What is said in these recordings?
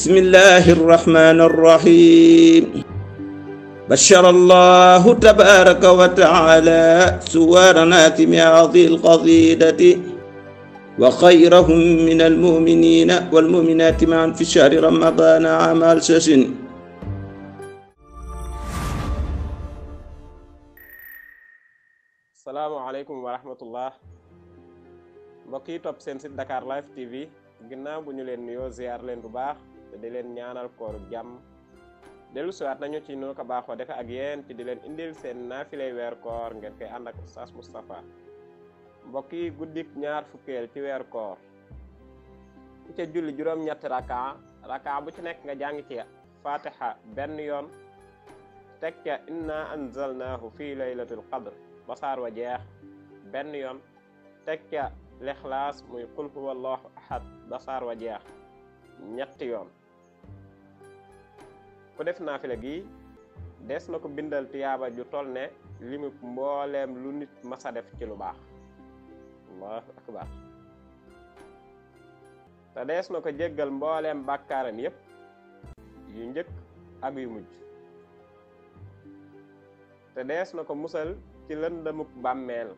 bismillahi arrahmani arrahim بشر الله تبارك وتعالى سوار ناتم هذه القصيدة وخيرهم من المؤمنين والمؤمنات معا في شهر رمضان عام الشاشن السلام عليكم ورحمة الله mbokk yi topp seen site Dakar Live TV ginnaaw bu ñu leen nuyoo ziar leen bu baax te di leen ñaanal koor jàmm dellu siwaat nañu ci nu ko baaxoo defe ak yéen ci di leen indil seen naafilay weer koor ngeen koy ànd ak Oustaz Moustapha mbokk yi guddik ñaar fukkeel ci weer koor ku julli juróom-ñetti raka raka bu ci nekk nga jàng ci fatiha benn yoon teg ca inna anzalnaahu fii laylatul qadr basaar wa jeex benn yoon teg ca lixlaas muy qul huwallahu ahad basaar wa jeex ñetti yoon ku def naafila gi des na ko bindal tiyaaba ju toll ne limu mbooleem lu nit mas def ci lu baax allahu akbar te dees na ko jéggal mbooleem bàkkaaram yépp yu njëkk ak yu mujj te dees na ko musal ci lëndëmuk bàmmeel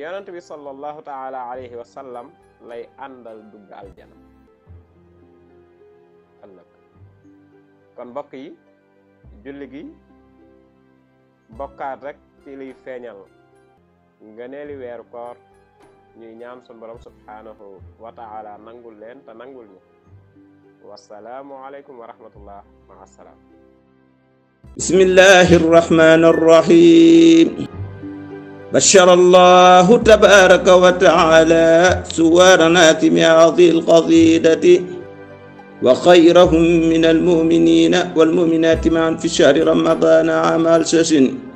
yonent bi sallallahu taala alayhi wa lay àndal dugg aljana kon mbokk yi julli gi ci liy feeñal ngëneeli weeru koor ñuy ñaan sun borom subhaanahu wa nangul leen te nangul ñu wasalaamu aleykum wa rahmatullah ma assalaam bismillahi arrahmani arrahim بشر الله تبارك وتعالى سوار ناتم هذه وخيرهم من المؤمنين والمؤمنات معا في شهر رمضان عام الشاشن